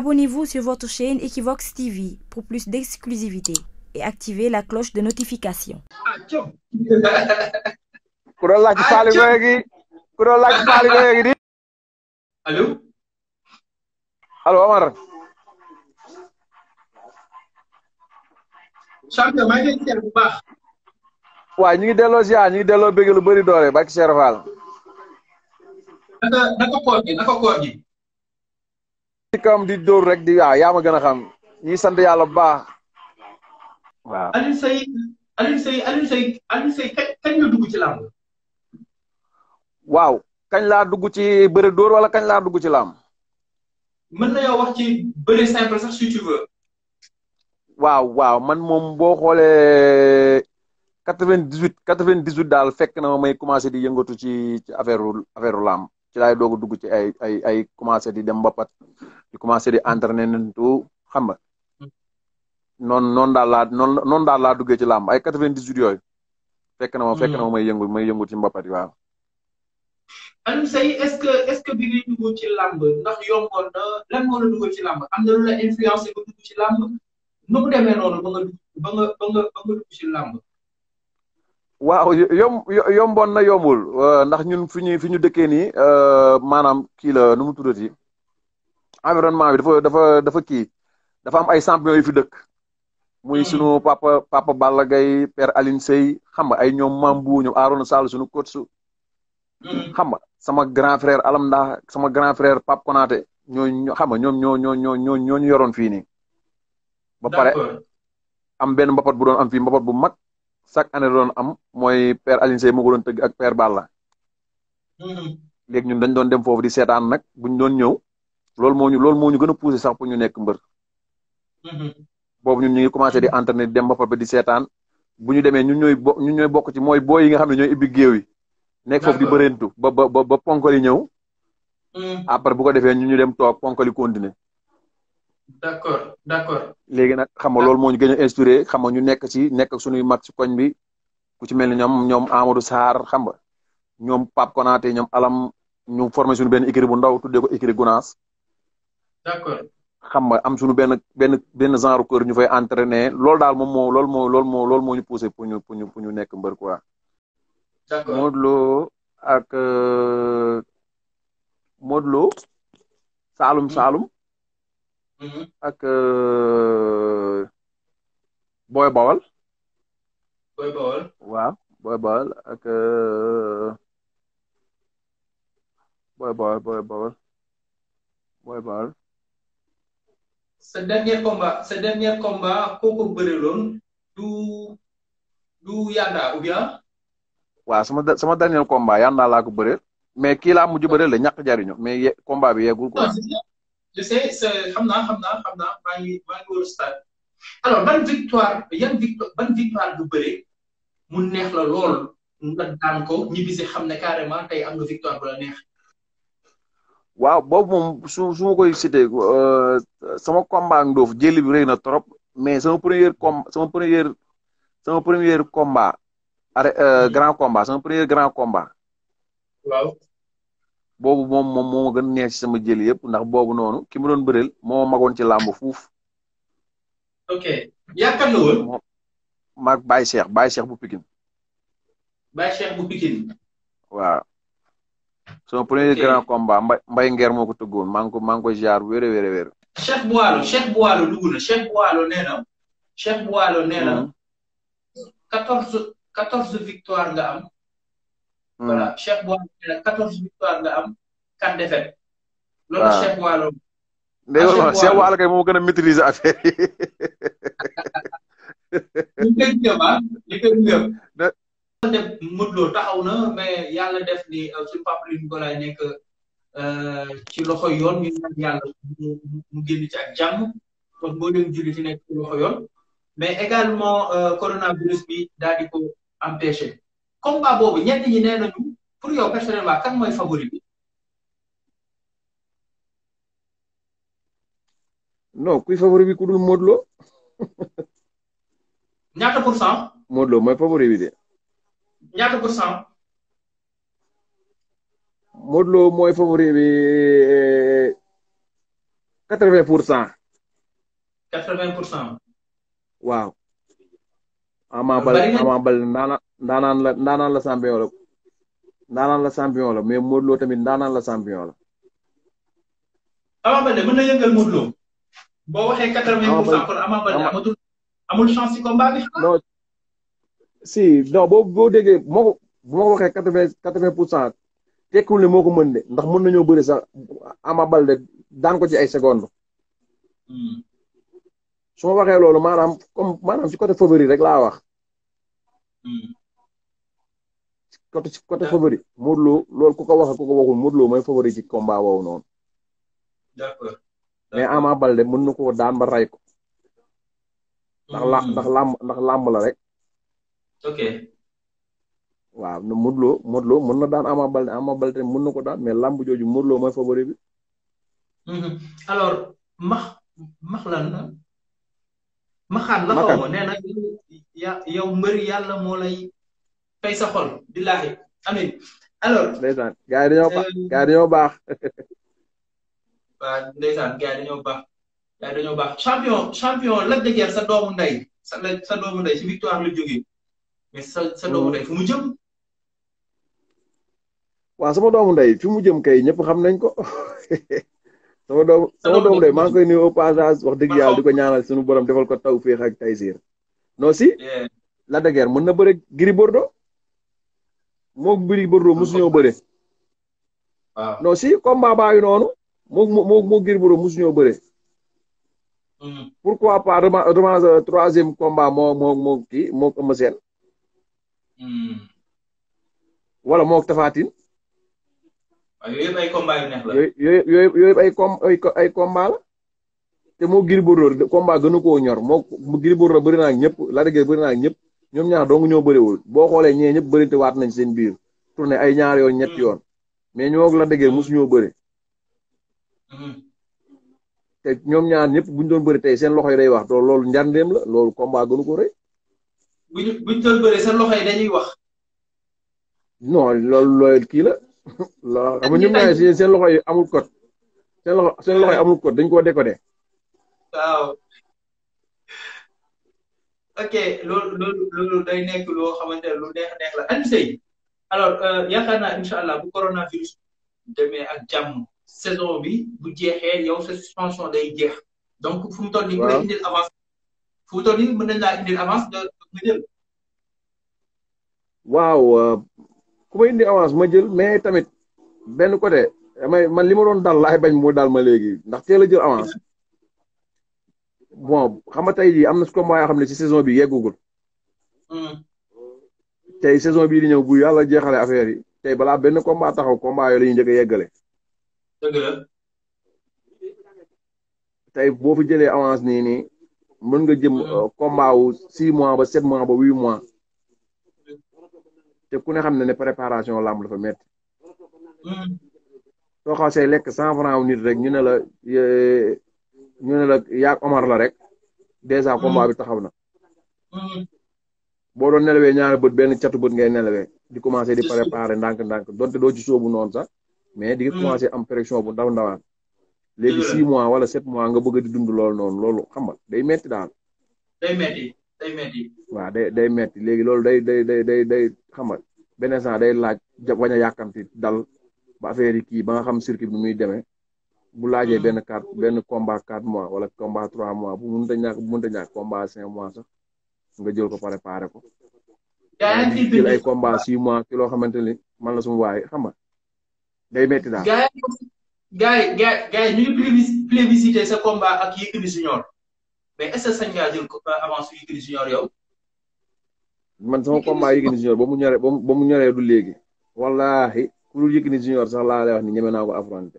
Abonnez-vous sur votre chaîne Equivox TV la cloche de notification. ku doon laaj di allo Omar champion maa ngi lay bu ñu delloo ziar ñu ngi delloo bëgg lu bëri doole barki ci kawam di dóor rek di waaw yaa gën a xam ñuy sant yàlla bu baax waaw. Alioune Seye Alioune Seye kañ la dugg ci làmb. waaw kañ laa dugg ci bëre dóor wala kañ laa dugg ci làmb. mën na yow wax ci bëre simple sax si tu veux. waaw waaw man moom boo xoolee quatre vingt dix huit quatre vingt dix huit daal fekk na ma may commencé di yëngatu ci ci affaire affaire làmb. ci laay doog a dugg ci ay ay ay commencé di dem mbapat di commencé di entraîner nentu xam nga noonu noonu daal laa noonu noonu daal laa duggee ci làmb ay quatre vingt dix huit yooyu na ma fekk ma may yëngu may yëngu ci mbapat yi waaw Alioune est-ce que est-ce ci làmb ndax yomboon la dugg ci ci làmb nu mu demee noonu ci làmb waaw yom yomboon na yombul euh, ndax ñun fi ñu fi ñu dëkkee nii euh, maanaam kii la nu mu tuddati environnement bi dafa dafa dafa kii dafa am ay champion yu fi dëkk. muy sunu hmm. papa papa Balla Gaye père Aline Sey xam nga ay ñoom Mambu ñoom Arona Sall sunu coach hmm. xam nga sama grand frère Alam Ndaa sama grand frère Pape Konaté ñooñu xam nga ñoom ñoo ñoo ñoo ñoo ñu yoroon fii nii. ba pare am benn mbapat bu doon am fii mbapat bu mag. chaque année doon am mooy per Alioune Seye moo ko doon per ak père Balla. Mm-hmm. léegi ñun dañ doon dem foofu di seetaan nag buñ doon ñëw loolu moo ñu loolu moo ñu gën a poussé sax pour ñu nekk mbër. Mm-hmm. boobu ñun ñu ngi commencé di entraîner di dem ba pare di seetaan bu ñu demee ñu ñooy bo ñun ñooy bokk ci mooy boo yi nga xam ne ñooy ibbi géew yi. nekk foofu di bërentu ba ba ba ponkali ñëw. Mm-hmm. après bu ko defee ñu ñu dem toog ponkali continuer. d'accord d'accord. léegi nag xam nga loolu moo ñu gën a inspiré xam nga ñu nekk ci nekk ak suñuy mag ci koñ bi ku ci mel ni ñoom ñoom Amadou Sarr xam nga ñoom Pape Konaté ñoom Alam ñu formé suñu benn écurie bu ndaw tuddee ko écurie Gounass. d'accord xam nga am suñu benn benn benn genre kër ñu fay entraîner lool daal moom moo loolu moo moo loolu moo ñu poussé pou ñu pour ñu nekk mbër quoi. d'accord Modou Lo ak euh, Modou Saalum hmm. Saalum. Mm-hmm. ak euh, Boy Bawal. Boy Bawal. waaw Boy Bawal ak euh, Boy Bawal Boy Bawal Boy Bawal. sa dernier combat sa dernier combat kooku bëriloon du du Yanda ou bien. waaw sama sama dernier combat Yanda laa ko bëreel mais kii laa mujj bëreel la ñàkk jariñu mais ye combat bi yeggul quoi. je sais xam uh, naa xam naa stade alors ban victoire yan victoire ban victoire bu bëre mu neex la lool nga daan ko ñibbisi xam ne victoire bu la neex. waaw boobu moom su su ma koy euh, sama combat ndóof jëli na trop mais sama première com sama première sama première combat. arrêt euh, mm-hmm. grand combat sama premier grand combat. waaw. boobu moom moom moo a neex ci sama jëli yëpp ndax boobu nonu ki mu doon bëreel moo magoon ci làmb fuuf. ok yaakaar na woon. maag Baye Cheikh Baye Cheikh bu Pikine. Baye Cheikh bu Pikine. waaw. son premier grand combat mbay mbay ngeer moo ko tëggoon maa ngi ko maa ngi ko jaar wéer a wéer a wéer. Cheikh Boalo Cheikh Boalo dugg na Cheikh Boalo nee mm-hmm. quatorze quatorze victoire nga am. voilà Cheikh Boileau nee na quatorze victoire nga am quatre défaites. waaw loolu Cheikh Boileau. Cheikh Boileau kay moo gën a maîtriser affaire yi. ñu koy gëm ah ñu koy gëm. yàlla def Modou Lo taxaw na mais yàlla def ni euh, suñu papa li Nicolas nekk euh, ci loxo yoon ñu naan yàlla mu génn ci ak jàmm kon boo leen julli ci nekk ci loxo yoon mais également euh, coronavirus bi daal di ko empêché. combat boobu ñenn ñi nee nañu pour yow personnellement kan mooy favori bi. non kuy favori ku dul Modou Lo. ñaata pour cent. Modou mooy favori de. ñaata pour cent. Modou mooy favori eh, quatre vingt pour cent. quatre vingt pour cent. waaw. Ama Baldé Ama Baldé naana ndaanaan la ndaanaan la champion la ndaanaan la mais Modou Lo tamit la champion la. Ama Baldé mën na yëngal boo waxee quatre-vingt pour si non boo boo déggee moo ko quatre-vingt quatre-vingt pour cent tekkul ne moo ko mën de ndax mën nañoo bëri sax Ama Baldé daan ko ci ay secondes. Hmm. su ma waxee loolu maanaam comme maanaam ci côté favori rek laa wax. Hmm. côté côté favori Modou Lo loolu ku ko waxee ku ko waxul Modou Lo mooy favori ci combat woowu noonu. Ama Baldé mën na koo daan ba ray ko. ndax la hmm. ndax làmb ndax làmb la rek. waaw Modou Lo Modou Lo mën na daan Ama Baldé Ama mën na ko daal mais lamb jooju Modou Lo mooy favori hmm. alors max max lan la. maxaan la xaw ma fay sa xol billahi amin alors. ndeysaan gars yi baax euh, gars yi dañoo baax. waaw ndeysaan gars yi dañoo baax gars yi dañoo baax champion champion Lac de sa doomu ndey sa sa doomu ndey si victoire la jógee mais sa sa doomu hmm. mu jëm. waaw fi mu kay ñëpp xam nañ ko. sama doomu sama doomu ndey maa ngi koy nuyu au wax dëgg yàlla di ko ñaanal suñu borom defal ko taw féex ak taysiir non si. Lac de Guiers mën na bëre Gris Bordeaux. moog bëri ba róom mosu ñoo ah. si combat baa ngi noonu moog moog giri ba róom mosu ñoo bëre. Hmm. pas remange euh, troisième combat moo moo moo kii moog Eumeu Sène. Hmm. wala moog Tapha Tine. waaw ah, ay combat la. te moo giri ba róor combat gënu koo ñor moo giri ba róor bëri naa ak ñëpp Lac de naa ñëpp. ñoom ñaar doogu ñoo bëriwul boo xoolee ñee ñëpp bëri te waat nañ seen biir tourné ay ñaar yoon ñett yoon mais ñoo la déggee mosu ñoo bëri mm-hmm. te ñoom ñaan ñëpp buñ doon bëri tey seen loxo yi day wax loolu njandeem la loolu combat ko rëy. buñ dañuy wax. non loolu loolu kii la. loolu ñoom ñaar seen loxo yi amul code. seen loxo seen loxo amul code dañ koo décoder. ok loolu loolu loolu day nekk loo xamante ne lu neex neex la Alioune Seye alors euh, yaakaar naa bu coronavirus demee ak jàmm saison bi bu jeexee yow sa suspension day jeex. donc fu mu toll nii mën nañu indil avance. fu mu toll nii mën nañu avance nga nga jël. waaw euh, ku avance ma jël mais tamit benn côté damay man li ma doon dal laay bañ moo daal ma léegi ndax teel a jël avance. bon xam nga tey am na su combat yoo xam ne ci saison bi yeggugul. Hmm. tey saison bii di ñëw bu yàlla jeexale affaire yi tey balaa benn combat taxaw combat yooyu la ñuy njëkk a yeggale. tey boo fi jëlee avance nii nii mën nga jëm hmm. euh, combat wu six mois ba sept mois ba huit mois. Hmm. te ku ne xam ne ne préparation lamb dafa métti. soo xasee lekk cent franc nit rek ñu ne la. ñu ne la yaag Omar la rek dèjà combat bi taxaw na boo doon nelawee ñaari bët benn catu bët ngay nelawee di commencé di préparer ndànk-ndànk donte doo ci sóobu noonu sax mais di commencé am pression bu ndaw ndawaan léegi six mois wala sept mois nga bëgg di dund lool noonu loolu xam nga day metti daal day day metti waaw day day léegi loolu day day day day day xam nga benn day laaj wañ a yàkkamti dal ba affaire yi kii ba nga xam circuit bi muy demee bu laajee hmm. benn quatre benn combat mois wala combat trois mois bu mënta ñàkk bu mënta ñàkk combat cinq mois sax nga jël ko préparé ko. gaa yi jël six mois ci loo xamante ni man la suma waaye xam nga day metti daal. gaa yi gaa yi ñu ngi plébiscité sa combat ak Yékini Junior mais est-ce jël combat avant su Yékini Junior yow. ba mu ñoree ba mu ñoree du léegi. wallaahi ku dul Yékini sax laa wax ni naa ko affronté.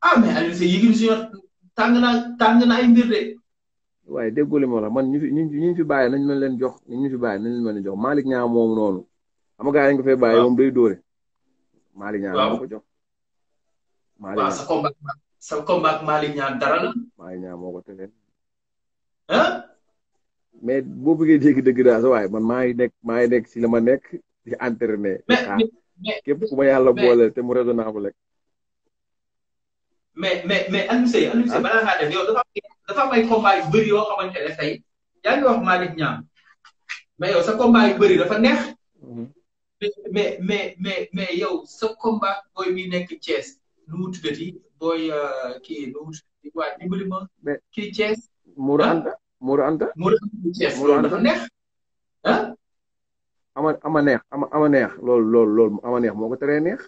ah mais Aliou Seye yëgil suñu tàng naa tàng na ay mbir de. waaye déggoo li ma la man ñu fi ñu fi bàyyi nañ leen leen jox ñu fi bàyyi nañ leen leen jox Malick Niang moomu noonu. xam nga gars yi nga fay bàyyi moom day dóore. Malick Niang moo ko jox. Malick Niang boo bëggee dégg dëgg daal sa waaye man maa ngi nekk maa ngi nekk si la ma nekk di entraîné. mais mais képp ku ma yàlla boole te mu raisonnable rek. mais mais mais Alioune Seye Alioune Seye balaa ngaa def dafa dafa am ay combat yu bëri yoo xamante tey yaa ngi wax Malick Niang mais yow sa combat yu bari dafa neex. Mhm. mais mais mais mais yow sa combat booy mi nekk Thiès nu mu tuddati booy euh, kii nu mu tuddati waa dimbali ma. kii Thiès. Mourou ah? Anta Mourou Anta. Mourou Anta Thiès loolu dafa neex ah. ama ama neex ama ama neex loolu loolu loolu ama neex moo ko teree neex.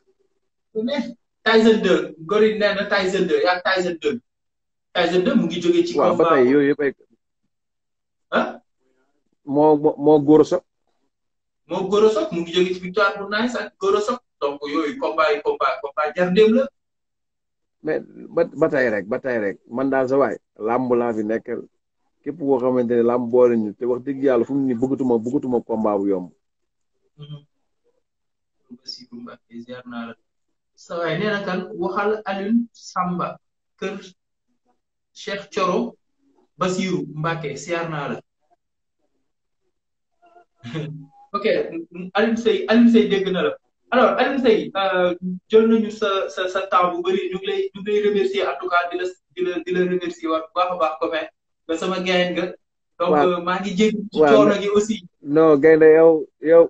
Tyson 2 Ngori nee na Tyson 2 mu ngi jógee ci. waaw ba tey yooyu yëpp ay. moo moo Goro mu ngi jógee ci victoire bu nice donc yooyu combat yi combat combat la. mais ba rek ba rek man daal sa waay làmb laa fi nekk képp koo xamante ne làmb boole ñu te wax dëgg yàlla fu mu ni bëggatuma bëggatuma combat bu yomb. Mm-hmm. sa waay nee kan waxal Alioune Samba kër Cheikh Coro Basiru Mbacke siyaar naa la ok Alioune Seye Alioune Seye dégg na la alors Alioune Seye euh, jël sa sa sa temps bu bëri ñu remercier en tout cas di la remercier waat bu baax a sama gayen donc euh, maa ngi jégg ci coono gi aussi non gaynde yow yow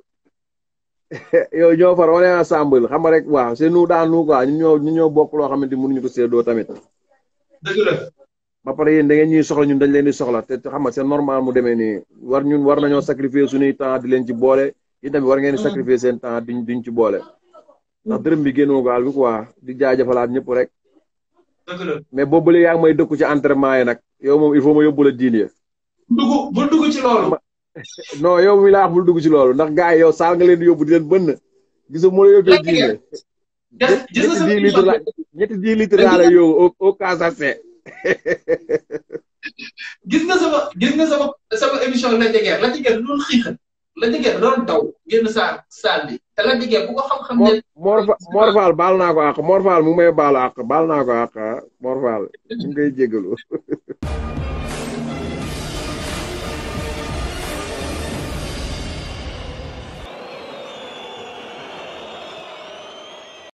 yow ñoo far on est ensemble xam nga rek waa c'est nous dans nous quoi ñu ñoo ñu ñoo bokk loo xamante mënuñu ko séddoo tamit. dëgg la. ba pare yéen da ngeen ñuy soxla ñun dañ leen di soxla te xam nga c'est normal mu demee nii war ñun war nañoo sacrifier suñuy temps di leen ci boole yéen tamit war ngeen di mm. sacrifier seen temps diñ diñ ci boole. ndax mm. dërëm bi génnoo gaal bi waa di jaajëfalaat ñëpp rek. dëgg la mais boobu ba léegi yaa ngi may dëkku ci entraînement yi nag yow moom il faut ma yóbbu la diine. dugg bu dugg ci loolu. non yow mi bul dugg ci loolu ndax gars yow saal nga leen di yóbbu di leen bënn. gis nga mu la yóbbee gis nga sama gis nga sama sama émission la jegeer la jegeer lu doon la jegeer doon daw génn saal saal bi Morfa Morfal baal ko àq Morfal mu may baalu àq baal ko àq Morfal ñu ngi koy